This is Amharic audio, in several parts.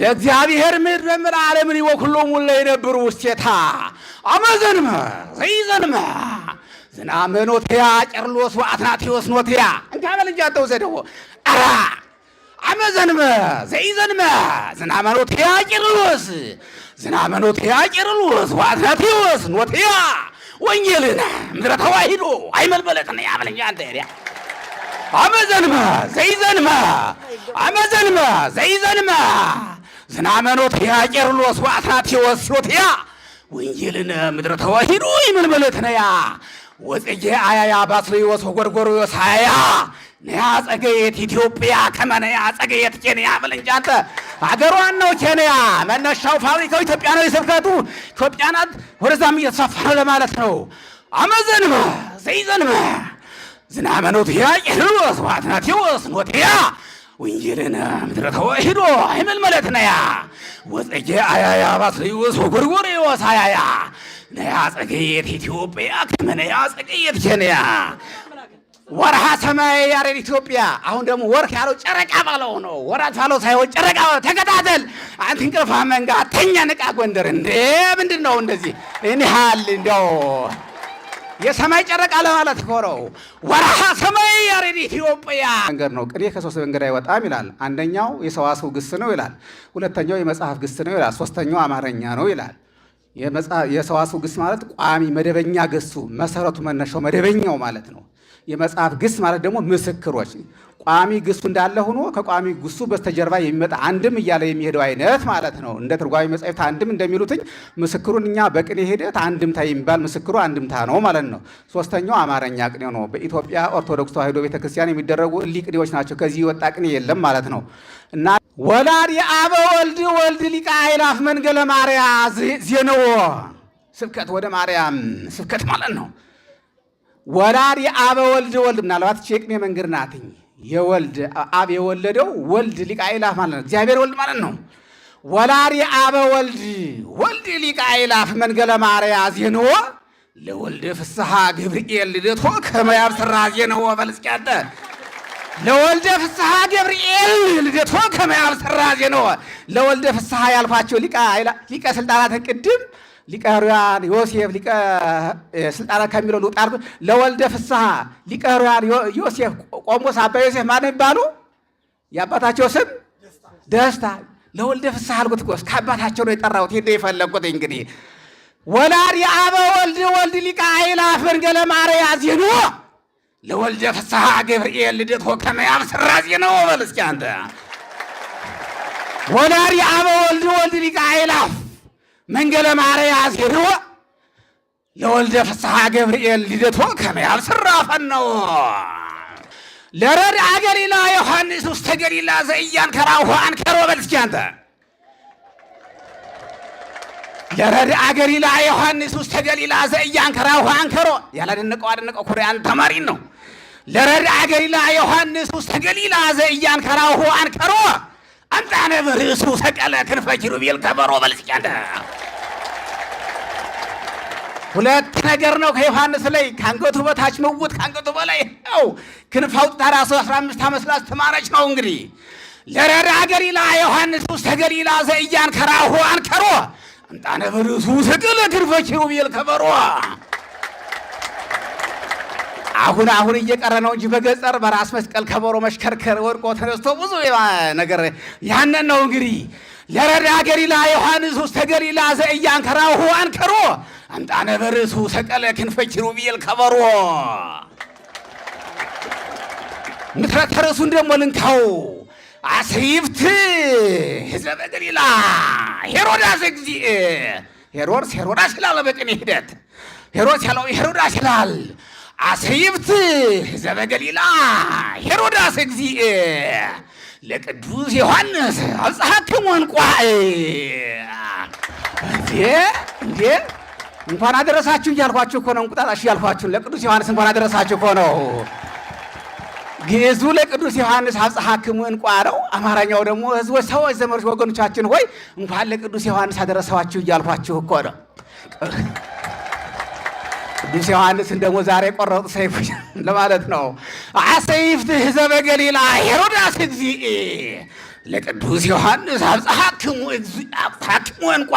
ለእግዚአብሔር ምድረ ምድረ ዓለምን ይወክሎ ሁሉ የነብሩ ውስቴታ አመዘንመ ዘይዘንመ ዝናመ ኖትያ ጨርሎስ ወአትናቴዎስ ኖትያ እንታበል በልጃ ተው ዘደዎ አራ አመዘንመ ዘይዘንመ ዝናመ ኖትያ ጨርሎስ ዝናመ ኖትያ ጨርሎስ ወአትናቴዎስ ኖትያ ወንጌልና ምድረ ተዋሂዶ አይመልበለጥን ያበል እንጂ ያ አመዘንመ ዘይዘንመ አመዘንመ ዘይዘንመ ዝናመኖት ያ ቄርሎስ ወአትናቴዎስ ዮትያ ወንጌልነ ምድረ ተዋሂዱ ይምልምልትነያ ወፀጌ አያያ ባስልዮስ ወጎርጎርዮስ አያያ ነያ ጸገየት ኢትዮጵያ ከመነያ ጸገየት ኬንያ በለንጃተ አገሯን ነው ኬንያ መነሻው ፋብሪካው ኢትዮጵያ ነው። የስብከቱ ኢትዮጵያናት ናት። ወደዛም እየተሳፈረ ለማለት ነው። አመዘንመ ዘይዘንመ ዝናመኖትያ ቄርሎስ ዋትናቴዎስ ኖትያ ወንጌልነ ምድረ ተወሂዶ አይመልመለትነያ ወፀጌ አያያ ባስልዮስ ይወስ አያያ ነያ ጸገየት ኢትዮጵያ ከመነያ ጸገየት ጀነያ ወርሃ ሰማይ ያሬድ ኢትዮጵያ። አሁን ደግሞ ወርክ ያለው ጨረቃ ባለው ነው። ወራት ባለው ሳይሆን ጨረቃ ባለው ተከታተል። አንተ እንቅልፋ መንጋ ተኛ፣ ንቃ ጎንደር። እንዴ ምንድን ነው እንደዚህ እኒሃል እንደው የሰማይ ጨረቃ ለማለት ኮረው ወረሃ ሰማይ ያሬድ ኢትዮጵያ መንገድ ነው። ቅኔ ከሶስት መንገድ አይወጣም ይላል። አንደኛው የሰዋሰው ግስ ነው ይላል። ሁለተኛው የመጽሐፍ ግስ ነው ይላል። ሶስተኛው አማርኛ ነው ይላል። የሰዋሰው ግስ ማለት ቋሚ መደበኛ ግሱ መሰረቱ፣ መነሻው፣ መደበኛው ማለት ነው። የመጽሐፍ ግስ ማለት ደግሞ ምስክሮች ቋሚ ግሱ እንዳለ ሆኖ ከቋሚ ግሱ በስተጀርባ የሚመጣ አንድም እያለ የሚሄደው አይነት ማለት ነው። እንደ ትርጓሚ መጽሐፍት አንድም እንደሚሉትኝ ምስክሩን እኛ በቅኔ ሂደት አንድምታ የሚባል ምስክሩ አንድምታ ነው ማለት ነው። ሶስተኛው አማርኛ ቅኔ ነው። በኢትዮጵያ ኦርቶዶክስ ተዋሕዶ ቤተክርስቲያን የሚደረጉ እሊ ቅኔዎች ናቸው። ከዚህ ወጣ ቅኔ የለም ማለት ነው እና ወላድ የአበ ወልድ ወልድ ሊቃ አይላፍ መንገለ ማርያ ዜነዎ ስብከት ወደ ማርያም ስብከት ማለት ነው ወራሪ አበ ወልድ ወልድ ምናልባት ቼቅሜ መንገድ ናትኝ የወልድ አብ የወለደው ወልድ ሊቀ አእላፍ ማለት ነው። እግዚአብሔር ወልድ ማለት ነው። ወላሪ አበ ወልድ ወልድ ሊቀ አእላፍ መንገለ ማርያ ዜንዎ ለወልድ ፍስሐ ገብርኤል ልደቶ ከመያብ ስራ ዜንዎ በልጽያተ ለወልደ ፍስሐ ገብርኤል ልደቶ ከመያብ ስራ ዜንዎ ለወልደ ፍስሐ ያልኳቸው ሊቀ ስልጣናት ቅድም ሊቀ ሕሩያን ዮሴፍ ሊቀ ስልጣና ከሚለው ልውጣ ለወልደ ፍስሐ ሊቀ ሕሩያን ዮሴፍ ቆሞስ አባ ዮሴፍ ማን ይባሉ? የአባታቸው ስም ደስታ። ለወልደ ፍስሐ አልኩት እኮ እስከ አባታቸው ነው የጠራሁት። ሄደ የፈለግኩት እንግዲህ ወላድ የአበ ወልድ ወልድ ሊቀ አእላፍ መንገለ ማርያ ዜኖ ለወልደ ፍስሐ ገብርኤል ልደት ሆከመ ያብስራ ዜኖ በል እስኪ አንተ ወላድ የአበ ወልድ ወልድ ሊቀ መንገለ ማርያም ዜርዎ ለወልደ ፍስሐ ገብርኤል ልደቶ ከመያብ ስራፈን ነው ለረድአ ገሊላ ዮሐንስ ውስተ ገሊላ ዘኢያንከራሁ አንከሮ በል እስኪ አንተ ለረድአ ገሊላ ዮሐንስ ውስተ ገሊላ ዘኢያንከራሁ አንከሮ ያላደነቀው አደነቀው ኩርያን ተማሪን ነው። ለረድአ ገሊላ ዮሐንስ ውስተ ገሊላ ዘኢያንከራሁ አንከሮ አንጣነ ብርእሱ ሰቀለ ክንፈ ኪሩቤል ከበሮ በል አንተ ሁለት ነገር ነው ከዮሐንስ ላይ ከአንገቱ በታች ምውት፣ ከአንገቱ በላይ ው ክንፍ አውጥታ ራሱ 15 ዓመት ስላስተማረች ነው። እንግዲህ ለረዳ ገሊላ ዮሐንስ ውስጥ ተገሊላ ዘእያን ከራሁ አንከሮ እንጣነ ብርሱ ስቅል ግርፈ ኪሩቤል ከበሮ አሁን አሁን እየቀረ ነው እንጂ በገጠር በራስ መስቀል ከበሮ መሽከርከር ወድቆ ተነስቶ ብዙ ነገር ያንን ነው እንግዲህ ለረዳ ገሊላ ዮሐንስ ውስጥ ተገሊላ ዘእያን ከራሁ አንከሮ አንጣነ በርእሱ ሰቀለ ክንፈች ኪሩቤል ከበሮ ምትረተ ርእሱን ደግሞ ልንካው አስሪፍት ህዝበ በገሊላ ሄሮዳስ እግዚእ ሄሮድስ ሄሮዳስ ይላል። በቅኔ ሂደት ሄሮድስ ያለው ሄሮዳስ ይላል። አስሪፍት ህዝበ በገሊላ ሄሮዳስ እግዚእ ለቅዱስ ዮሐንስ አብጽሐክሙ እንቋዕ እንዴ እንዴ እንኳን አደረሳችሁ እያልኳችሁ እኮ ነው። እንቁጣጣሽ እያልኳችሁ ለቅዱስ ዮሐንስ እንኳን አደረሳችሁ እኮ ነው። ግዕዙ ለቅዱስ ዮሐንስ አብጽሐክሙ እንቋ ነው። አማርኛው ደግሞ ሕዝቦች፣ ሰዎች፣ ዘመዶች፣ ወገኖቻችን ሆይ እንኳን ለቅዱስ ዮሐንስ አደረሰዋችሁ እያልኳችሁ እኮ ነው። ቅዱስ ዮሐንስን ደግሞ ዛሬ ቆረጡ ሰይፉ ለማለት ነው። አሰይፍት ህዘ በገሊላ ሄሮዳስ እግዚ ለቅዱስ ዮሐንስ እግዚ አብጽሐክሙ እንቋ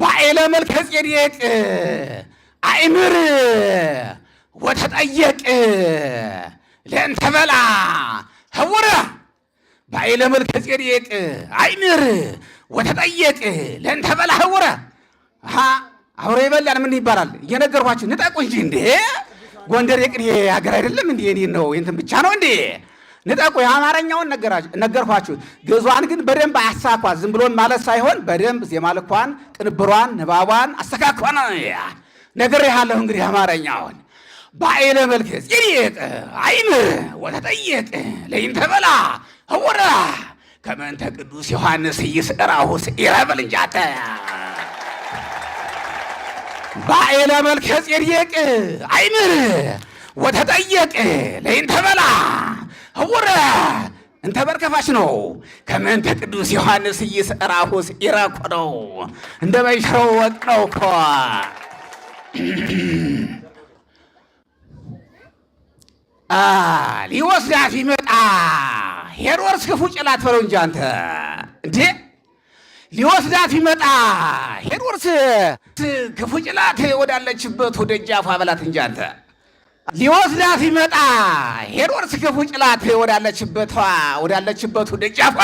ባኤለ መልከ ጼዴቅ አእምር ወተጠየቅ ለእንተ በላ ኅቡረ ባኤለ መልከ ጼዴቅ አእምር ወተጠየቅ ለእንተ በላ ኅቡረ አብሮ ይበላል ምን ይባላል? እየነገርኳችሁ ንጠቁ እንጂ እንዴ! ጎንደር የቅኔ ሀገር አይደለም እንዴ? እኔ ነው እንትን ብቻ ነው እንዴ? ንጠቁ የአማርኛውን ነገርኋችሁ። ግዕዟን ግን በደንብ አያሳኳት። ዝም ብሎን ማለት ሳይሆን በደንብ ዜማ ልኳን፣ ቅንብሯን፣ ንባቧን አስተካክሏን ነግሬሃለሁ። እንግዲህ አማርኛውን በአይለ መልከ ጼዴቅ አይም ወተጠየቅ ለይንተበላ ኅቡረ ከመንተ ቅዱስ ዮሐንስ ኢይስዕራሁ ስዒረ በል እንጂ አንተ ባኤለ መልከ ጼዴቅ አይምር ወተጠየቅ ለይንተበላ እውረ እንተ በርከፋች ነው ከምንተ ቅዱስ ዮሐንስ ኢይስራኩስ ኢረኩ ነው እንደ መይሽረው ወቅ ነው እኮ ሊወስዳት ቢመጣ ሄሮድስ ክፉ ጭላት በለው እንጂ አንተ እንዴ ሊወስዳት ይመጣ ሄሮድስ ክፉ ጭላት ወዳለችበት ወደ እጃፏ በላት እንጂ አንተ ሊወስዳት ይመጣ ሄሮድስ ክፉ ጭላት ወዳለችበቷ ወዳለችበቱ ደጃፏ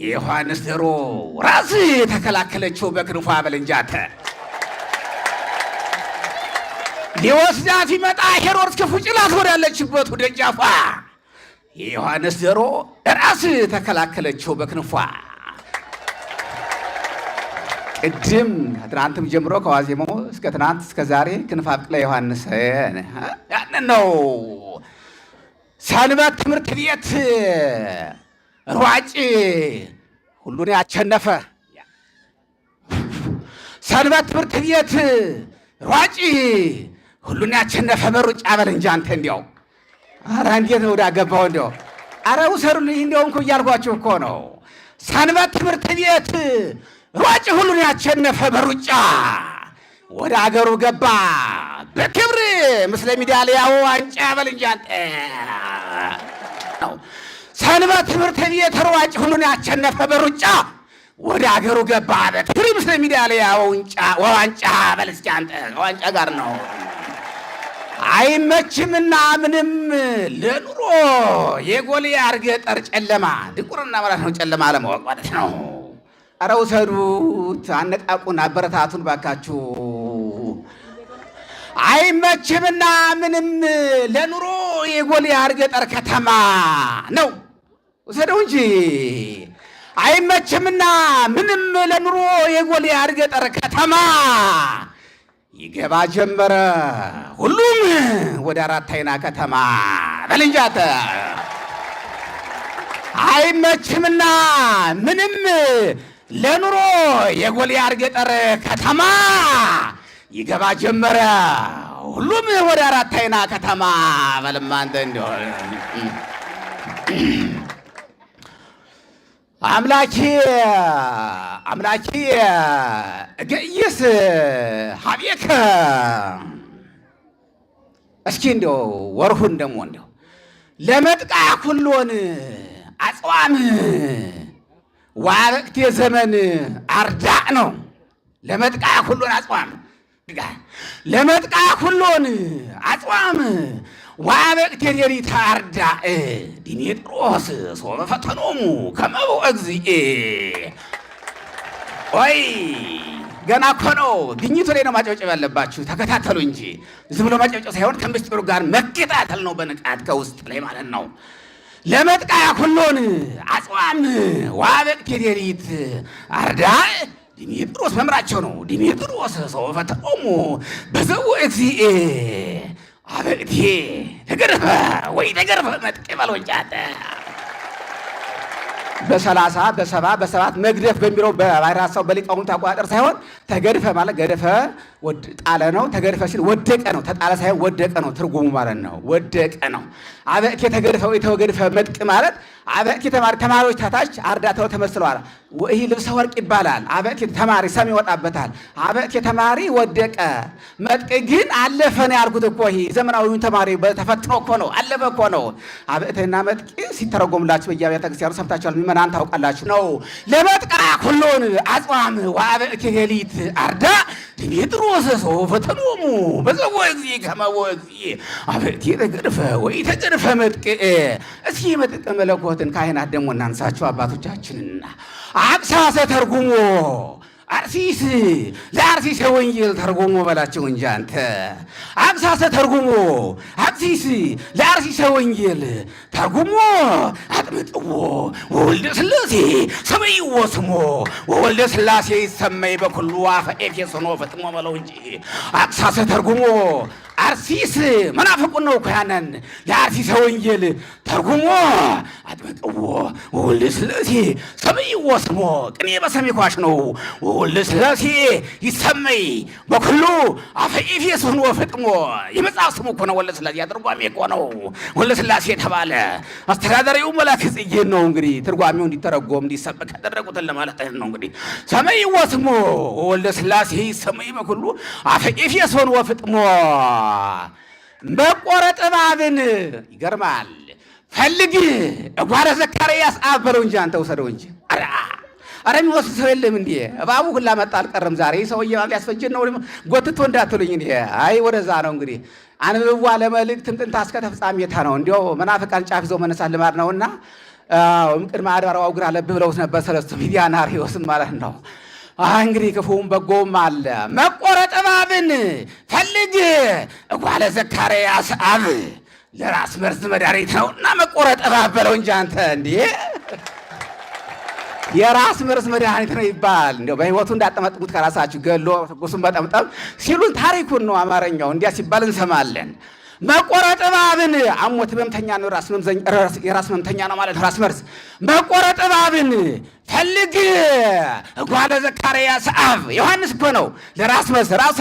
የዮሐንስ ዶሮ ራስ የተከላከለችው በክንፏ በልንጃተ ሊወስዳት ይመጣ ሄሮድስ ክፉ ጭላት ወዳለችበቱ ደጃፏ የዮሐንስ ዶሮ ራስ ተከላከለችው በክንፏ ቅድም ትናንትም ጀምሮ ከዋዜማው እስከ ትናንት እስከ ዛሬ ክንፈ አብቅለ ዮሐንስን ያንን ነው። ሰንበት ትምህርት ቤት ሯጭ ሁሉን ያቸነፈ ሰንበት ትምህርት ቤት ሯጭ ሁሉን ያቸነፈ በሩጫ በል እንጂ አንተ እንዲያው አረ እንዴት ነው ዳገባው? እንዲያው አረ ውሰሩልኝ እንዲያውም እኮ እያልኳችሁ እኮ ነው። ሰንበት ትምህርት ቤት ሯጭ ሁሉን ያቸነፈ በሩጫ ወደ አገሩ ገባ በክብር ምስለ ሚዲያ ሊያው ዋንጫ በልንጃንጤ ሰንበት ትምህርት ቤት ሯጭ ሁሉን ያቸነፈ በሩጫ ወደ አገሩ ገባ በክብር ምስለ ሚዲያ ሊያው ዋንጫ በልንጃንጤ ዋንጫ ጋር ነው አይመችምና ምንም ለኑሮ የጎል አርገጠር ጨለማ ድቁርና ማለት ነው። ጨለማ አለማወቅ ማለት ነው። ኧረ ውሰዱት፣ አነቃቁን፣ አበረታቱን ባካችሁ። አይመችምና ምንም ለኑሮ የጎል የአርገጠር ከተማ ነው። ውሰደው እንጂ አይመችምና ምንም ለኑሮ የጎል የአርገጠር ከተማ ይገባ ጀመረ ሁሉም ወደ አራት አይና ከተማ በልንጃተ አይመችምና ምንም ለኑሮ የጎልያድ ገጠር ከተማ ይገባ ጀመረ። ሁሉም ወደ አራት አይና ከተማ በልማ አንተ እንዲሆን አምላኪ አምላኪ እገይስ ሀቤከ እስኪ እንዲው ወርሁን ደግሞ እንዲው ለመጥቃ ኩሎን አጽዋም ዋበቅት የዘመን አርዳእ ነው ለመጥቃ ሁሉን አጽዋም ለመጥቃ ሁሉን አጽዋም ዋበቅት የሌሊት አርዳእ ዲሜጥሮስ ሶበ ፈተኖሙ ከመቦ እግዚእ ገና እኮ ነው። ግኝቱ ላይ ነው ማጨብጨብ ያለባችሁ። ተከታተሉ እንጂ ዝም ብሎ ማጨብጨብ ሳይሆን ከምስጢሩ ጋር መከታተል ነው፣ በንቃት ከውስጥ ላይ ማለት ነው። ለመጥቃያ ኩሎን አጽዋም ዋበቅ ቴዴሪት አርዳ ዲሜጥሮስ መምራቸው ነው። ዲሜጥሮስ ሰው ፈተቆሞ በዘው እግዚኤ አበቅቴ ተገርፈ ወይ ተገርፈ መጥቄ ባልወጫተ በሰላሳ በሰባ በሰባት መግደፍ በሚለው በራሳው በሊቃውንት አቆጣጠር ሳይሆን ተገድፈ ማለት ገደፈ ጣለ ነው። ተገድፈ ሲል ወደቀ ነው። ተጣለ ሳይሆን ወደቀ ነው ትርጉሙ ማለት ነው። ወደቀ ነው። አበእኬ ተገድፈ ወይ መጥቅ ማለት አበቲ ተማሪ ተማሪዎች ታታች አርዳተው ተመስለዋል። ይህ ልብሰ ወርቅ ይባላል። አበቲ ተማሪ ሰም ይወጣበታል። አበቲ ተማሪ ወደቀ መጥቅ ግን አለፈ ነው ያልኩት እኮ ይህ ዘመናዊውን ተማሪ ተፈትኖ እኮ ነው አለፈ እኮ ነው። አበእትና መጥቅ ሲተረጎሙላችሁ በየአብያተ ክርስቲያኑ ሰምታችኋል። ምእመናን ታውቃላችሁ ነው ለመጥቃ ሁሉን አጽዋም ወአበቲ ሌሊት አርዳ ዲሜጥሮስ ሰው ፈተኖሙ በዘወ ጊዜ ከመወ ጊዜ አበእቲ ተገርፈ ወይ ተገርፈ መጥቅ እስኪ መጥቅ መለኮ የመጡትን ካህናት ደግሞ እናንሳቸው አባቶቻችንና አብሳሰ ተርጉሞ አርሲስ ለአርሲስ ወንጌል ተርጉሞ በላቸው እንጂ አንተ አቅሳሰ ተርጉሞ አርሲስ ለአርሲስ ወንጌል ተርጉሞ አጥምጥዎ ወወልደ ስላሴ ሰመይዎ ስሞ ወወልደ ስላሴ ይሰመይ በኩሉ አፈ ኤፌሶኖ ፈጥሞ በለው እንጂ አቅሳሰ ተርጉሞ አርሲስ መናፍቁን ነው እኮ ያንን የአርሲሰ ወንጌል ተርጉሞ አጥመቅዎ ውል ስለሴ ሰምይዎ ስሞ ቅኔ በሰሜ ኳሽ ነው ውል ስለሴ ይሰመይ በኩሉ አፈኢፌ ስሆን ወፈጥሞ የመጽሐፍ ስሙ እኮ ነው። ወለ ስላሴ ትርጓሜ እኮ ነው ወለ ስላሴ የተባለ አስተዳዳሪው መላክ ጽዬን ነው እንግዲህ ትርጓሜው እንዲተረጎም እንዲሰበክ ያደረጉትን ለማለት ነው እንግዲህ ሰምይዎ ወስሞ ወለ ስላሴ ይሰመይ በኩሉ አፈኢፌ ስሆን ወፍጥሞ መቆረጥ እባብን ይገርማል። ፈልግ እጓረ ዘካርያስ አብ በለው እንጂ አንተ ውሰደው እንጂ። አረ የሚወስድ ሰው የለም እንዴ? እባቡ ሁላ መጣ አልቀርም ዛሬ ሰውዬ እባብ ሊያስፈጀን ነው ጎትቶ እንዳትሉኝ እንዴ። አይ ወደዛ ነው እንግዲህ አንብቧ ለመልእክትም ጥንታ እስከ ተፍጻሜታ ነው። እንዲያው መናፍቃን ጫፍ ይዘው መነሳት ልማድ ነውና ቅድመ አድባራው እግር ለብ ብለውት ነበር። ሰለስቱ ሚዲያን አርዮስም ማለት ነው። እንግዲህ ክፉውም በጎውም አለ። መቆረጥ አብን ፈልግ እጓለ ዘካርያስ አብ ለራስ መርዝ መድኃኒት ነውና መቆረጥ እባብ በለው እንጂ አንተ እንዴ የራስ መርዝ መድኃኒት ነው ይባል። እንዲያው በሕይወቱ እንዳጠመጥሙት ከራሳችሁ ገሎ ትኩሱን በጠምጠም ሲሉን ታሪኩን ነው አማርኛው እንዲያ ሲባል እንሰማለን። መቆረጥ እባብን አሞት ህመምተኛ ነው የራስ ህመምተኛ ነው ማለት ራስ መርዝ መቆረጥ እባብን ፈልግ እጓለ ዘካርያስ አብ ዮሐንስ እኮ ነው። ለራስ መርዝ ራስ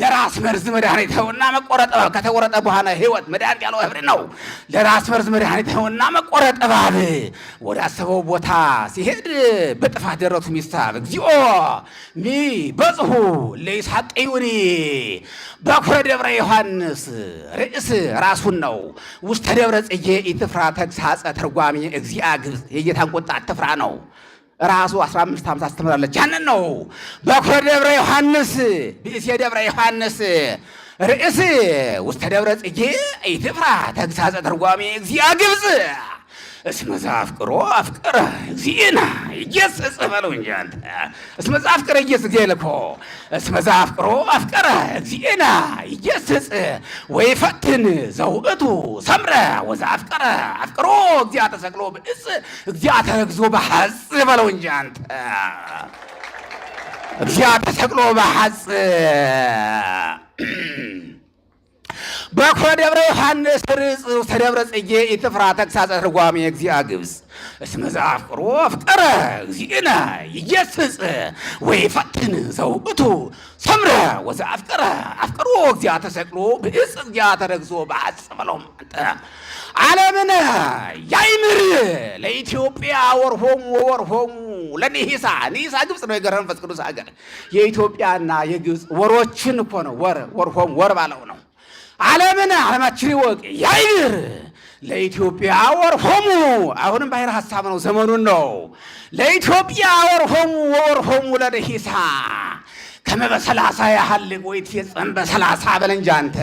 ለራስ መርዝ መድኃኒት ይኸውና መቆረጠ እባብ ከተቆረጠ በኋላ ህይወት መድኃኒት ያለው ህብር ነው። ለራስ መርዝ መድኃኒት ይኸውና መቆረጠ እባብ ወደ አሰበው ቦታ ሲሄድ በጥፋት ደረቱ ሚሳብ እግዚኦ ሚ በጽሁ ለይስሐቅ ይውሪ በኩረ ደብረ ዮሐንስ ርእስ ራሱን ነው ውስተ ደብረ ጽጌ ኢትፍራ ተግሳጸ ተርጓሚ እግዚአ ግብጽ የጌታን ቁጣ አትፍራ ነው። ራሱ 1550 አስተምራለች። ያንን ነው በኩረ ደብረ ዮሐንስ ብእሴ ደብረ ዮሐንስ ርእስ ውስተ ደብረ ጽጌ ኢትፍራ ተግሳጸ ተርጓሜ እግዚአ ግብፅ እስመዛ አፍቅሮ አፍቀረ እግዚእነ ይጌስጽ በለው እንጂ አንተ እስመዛ አፍቅረ ይጌስጽ እግዚእ ልኮ እስመዛ አፍቅሮ እግዚእነ ይጌስጽ ወይፈትን ዘውእቱ ሰምረ ወዛ አፍቅሮ እግዚአ ተሰቅሎ ብእስ እግዚአ ተግዞ በሐጽ በለው እንጂ አንተ እግዚአ ተሰቅሎ በሐጽ በኮ ደብረ ዮሐንስ ርጽ ተደብረ ጽጌ ኢትፍራ ተግሳጸ ትርጓሜ እግዚአ ግብፅ እስመ ዘአፍቅሮ ፍጠረ እግዚእነ ይገስጽ ወይ ፈትን ዘውእቱ ሰምረ ወዘአፍቀረ አፍቅሮ እግዚአ ተሰቅሎ ብእጽ እግዚአ ተረግዞ በአጽመሎም አንተ ዓለምነ ያይምር ለኢትዮጵያ ወርሆሙ ወርሆሙ ለኒሂሳ ኒሂሳ ግብፅ ነው። የገረ መንፈስ ቅዱስ ሀገር የኢትዮጵያና የግብፅ ወሮችን እኮ ነው። ወር ወርሆሙ ወር ባለው ነው ዓለምን ዓለማችን ይወቅ ያይር ለኢትዮጵያ ወርሆሙ አሁንም ባሕረ ሐሳብ ነው፣ ዘመኑን ነው። ለኢትዮጵያ ወርሆሙ ወርሆሙ ለደሂሳ ከመ በሰላሳ ያህልቅ ወይትፌጽም በሰላሳ በል እንጂ አንተ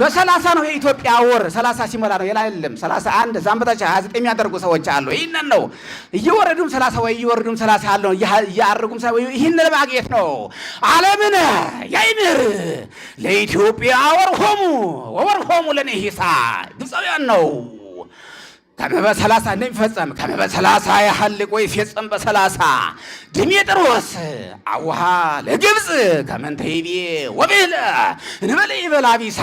በሰላሳ ነው የኢትዮጵያ ወር ሰላሳ ሲሞላ ነው የላለም ሰላሳ አንድ እዛም በታች ሀያ ዘጠኝ የሚያደርጉ ሰዎች አሉ። ይህንን ነው እየወረዱም ሰላሳ ወይ እየወረዱም ሰላሳ ያለ ነው እያደረጉም ይህን ለማግኘት ነው። ዓለምነ ያይምር ለኢትዮጵያ ወርሆሙ ወርሆሙ ለኔ ሂሳ ግብፃውያን ነው ከመበ ሰላሳ እንደሚፈጸም ከመበ ሰላሳ ያህልቅ ወይ ይፌጸም በሰላሳ ድሜጥሮስ አውሃ ለግብፅ ከመንተይቤ ወቤለ እንበለ ይበላቢሳ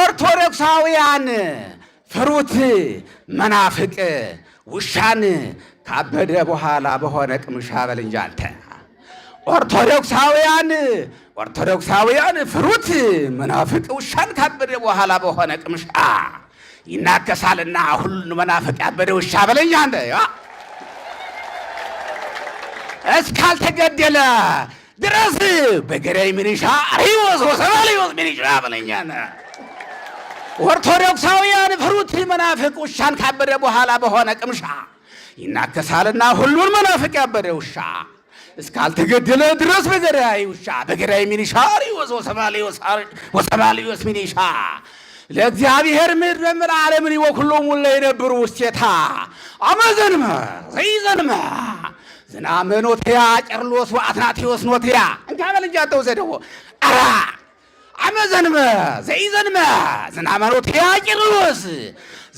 ኦርቶዶክሳውያን ፍሩት መናፍቅ ውሻን ካበደ በኋላ በሆነ ቅምሻ በል እንጂ አንተ ኦርቶዶክሳውያን ኦርቶዶክሳውያን ፍሩት መናፍቅ ውሻን ካበደ በኋላ በሆነ ቅምሻ ይናከሳልና ሁሉን መናፍቅ ያበደ ውሻ በለኝ አንተ እስካልተገደለ ድረስ በገዳይ ሚሊሻ ሪወዝ ወሰባ ሪወዝ ሚሊሻ በለኛ። ኦርቶዶክሳውያን ፍሩት መናፍቅ ውሻን ካበደ በኋላ በሆነ ቅምሻ ይናከሳልና ሁሉን መናፍቅ ያበደ ውሻ እስካልተገደለ ድረስ በገዳይ ውሻ በገዳይ ሚኒሻ ሪወዝ ወሰባ ሪወዝ ሚኒሻ ለእግዚአብሔር ምድረ ምድር ዓለምን ይወክሎም ሁሉ የነብሩ ውስቴታ አመዘንመ ዘይዘንመ ዝናመ ኖትያ ጨርሎስ ወአትናቴዎስ ኖትያ እንካበል እንጂ አተው ዘደው አራ አመዘንመ ዘይዘንመ ዝናመ ኖትያ ጨርሎስ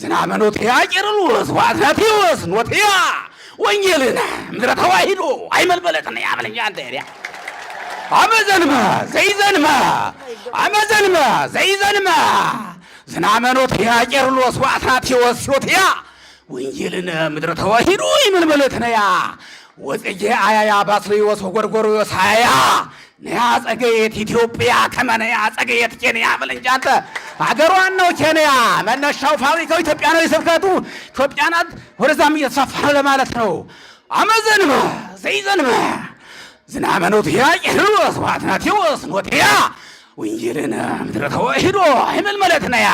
ዝናመ ኖትያ ጨርሎስ ወአትናቴዎስ ኖትያ ወንጌልን ምድረ ተዋሂዶ አይመልበለጥን ያበል እንጂ አንተ ያ አመዘንመ ዘይዘንመ አመዘንመ ዘይዘንመ ዝናመኖት ያ ቄርሎስ ወስዮት ያ ወንጌልነ ምድረ ተዋሂዱ ይምልምልት ነያ ወፀጌ አያያ ባስልዮስ ወጎርጎርዮስ አያያ ነያ ጸገየት ኢትዮጵያ ከመነያ ጸገየት ኬንያ በለንጃተ አገሯን ነው። ኬንያ መነሻው ፋብሪካው ኢትዮጵያ ነው። የስብከቱ ኢትዮጵያ ናት። ወደዛም እየተሳፋ ነው ለማለት ነው። አመዘንመ ዘይዘንመ ዝናመኖት ያ ቄርሎስ ወስኖት ያ ወንጌለነ ምድረ ተዋሂዶ ይመልመለት ነያ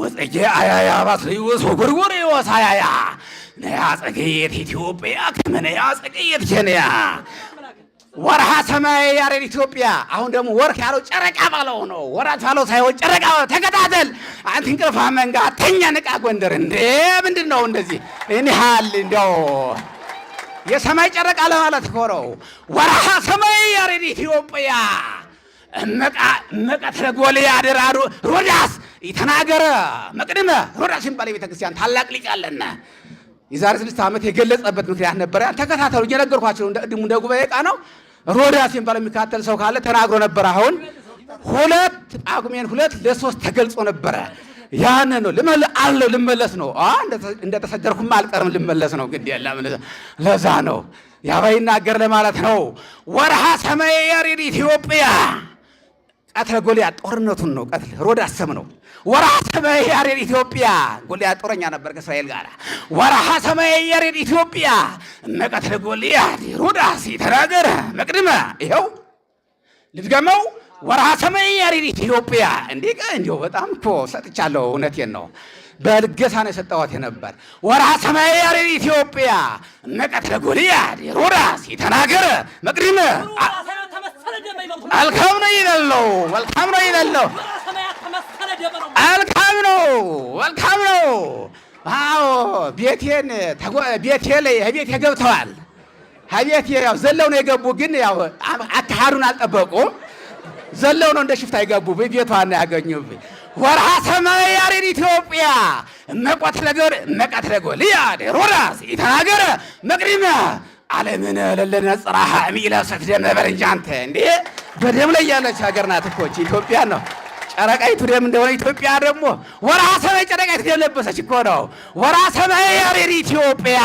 ወፀጌ አያያ ባስልዮስ ወጎርጎርዮስ አያያ ነያ ጸገየት ኢትዮጵያ ከመነያ ጸገየት ጀነያ ወርሃ ሰማይ ያሬድ ኢትዮጵያ። አሁን ደግሞ ወርክ ያለው ጨረቃ ባለው ነው። ወራት ባለው ሳይሆን ጨረቃ ባለው ተከታተል። አንተ እንቅልፋ መንጋ ተኛ፣ ንቃ ጎንደር። እንዴ ምንድን ነው እንደዚህ እንሃል? እንደው የሰማይ ጨረቃ ለማለት እኮ ነው። ወርሃ ሰማይ ያሬድ ኢትዮጵያ መቀትለ ጎልያድ ሮዳስ ተናገረ መቅድመ ሮዳስ የሚባል የቤተ ክርስቲያን ታላቅ ሊቅ አለነ። የዛሬ ስድስት ዓመት የገለጸበት ምክንያት ነበረ። ተከታተሉ፣ እየነገርኳቸው ቅድሙ እንደ ጉባኤ ዕቃ ነው። ሮዳስ የሚባል የሚካተል ሰው ካለ ተናግሮ ነበር። አሁን ሁለት ጳጉሜን ሁለት ለሶስት ተገልጾ ነበረ። ያነ ነው ልመለ አለው ልመለስ ነው እንደተሰደርኩም አልቀርም ልመለስ ነው። ግድ የለም ለዛ ነው ያባ ይናገር ለማለት ነው። ወርሃ ሰማይ የሪድ ኢትዮጵያ ቀትለ ጎልያድ ጦርነቱን ነው። ቀትለ ሮዳስም ነው። ወርሃ ሰማይ ያሬድ ኢትዮጵያ ጎልያድ ጦረኛ ነበር ከእስራኤል ጋር። ወርሃ ሰማይ ያሬድ ኢትዮጵያ መቀትለ ጎልያድ ሮዳስ ተናገረ መቅድመ ይኸው ልድገመው። ወርሃ ሰማይ ያሬድ ኢትዮጵያ እንዴ እንዲሁ በጣም እኮ ሰጥቻለሁ። እውነቴን ነው። በልገሳ ነው የሰጠኋት ነበር። ወርሃ ሰማይ ያሬድ ኢትዮጵያ መቀትለ ጎልያድ ሮዳስ ተናገረ መቅድመ መልካም ነው ይበለው። መልካም ነው ይበለው። መልካም ነው፣ መልካም ነው። አዎ ቤቴን ቤቴ ላይ ቤቴ ገብተዋል። ቤቴ ያው ዘለው ነው የገቡ፣ ግን ያው አካሄዱን አልጠበቁም። ዘለው ነው እንደ ሽፍታ የገቡብኝ። ቤቷን ነው ያገኙብኝ። ወርሃ ሰማይ ያሬድ ኢትዮጵያ መቆት ለገር መቀት ለጎልያ ሮዳስ የተናገረ መቅድመ ዓለምን ለለነ ጽራሃ ሚኢላ ሰፍደ መበል እንዴ በደም ላይ ያለች ሀገር ናት እኮ ኢትዮጵያ ነው። ጨረቃይቱ ደም እንደሆነ ኢትዮጵያ ደግሞ ወርሃ ሰማይ ጨረቃይቱ ደም ለበሰች እኮ ነው። ወርሃ ሰማይ ያሬድ ኢትዮጵያ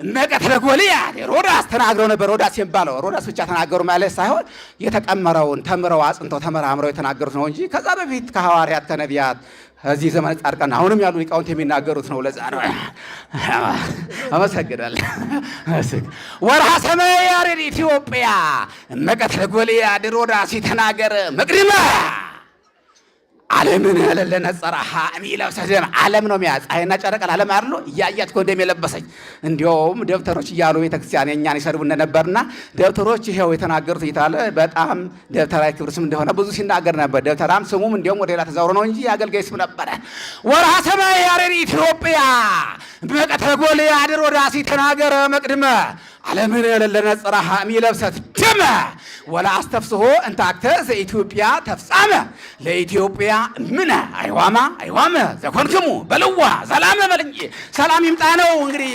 እመቀትለ ጎልያድ ሮዳስ ተናግረው ነበር። ሮዳስ የሚባለው ሮዳስ ብቻ ተናገሩ ማለት ሳይሆን የተቀመረውን ተምረው አጽንተው ተመራምረው የተናገሩት ነው እንጂ ከዛ በፊት ከሐዋርያት ከነቢያት እዚህ ዘመን ጻድቃን አሁንም ያሉ ሊቃውንት የሚናገሩት ነው። ለዛ ነው አመሰግናለሁ። ወርሃ ሰማይ ያሬድ ኢትዮጵያ እመቀትለ ጎልያድ ሮዳስ ተናገረ መቅድማ ዓለምን ለነጸራ ሀሚ ለብሰደም ዓለም ነው ሚያ ፀሐይና ጨረቃ ዓለም አይደል እያያት ኮንደም የለበሰኝ የለበሰች ደብተሮች እያሉ ቤተክርስቲያን የእኛን ይሰድቡ እንደነበርና ደብተሮች ይሄው የተናገሩት እየታለ በጣም ደብተራ ክብር ስም እንደሆነ ብዙ ሲናገር ነበር። ደብተራም ስሙም እንዲያውም ወደ ሌላ ተዛውሮ ነው እንጂ የአገልጋይ ስም ነበረ። ወርሃ ሰማይ ያሬድ ኢትዮጵያ መቀተጎል ያድር ወዳሲ ተናገረ መቅድመ ዓለምን ለነጽራ ሚለብሰት ደመ ወላ አስተፍስሆ እንታክተ ዘኢትዮጵያ ተፍጻመ ለኢትዮጵያ ምነ አይዋማ አይዋመ ዘኮንክሙ በልዋ ሰላም በል ሰላም ይምጣ ነው እንግዲህ።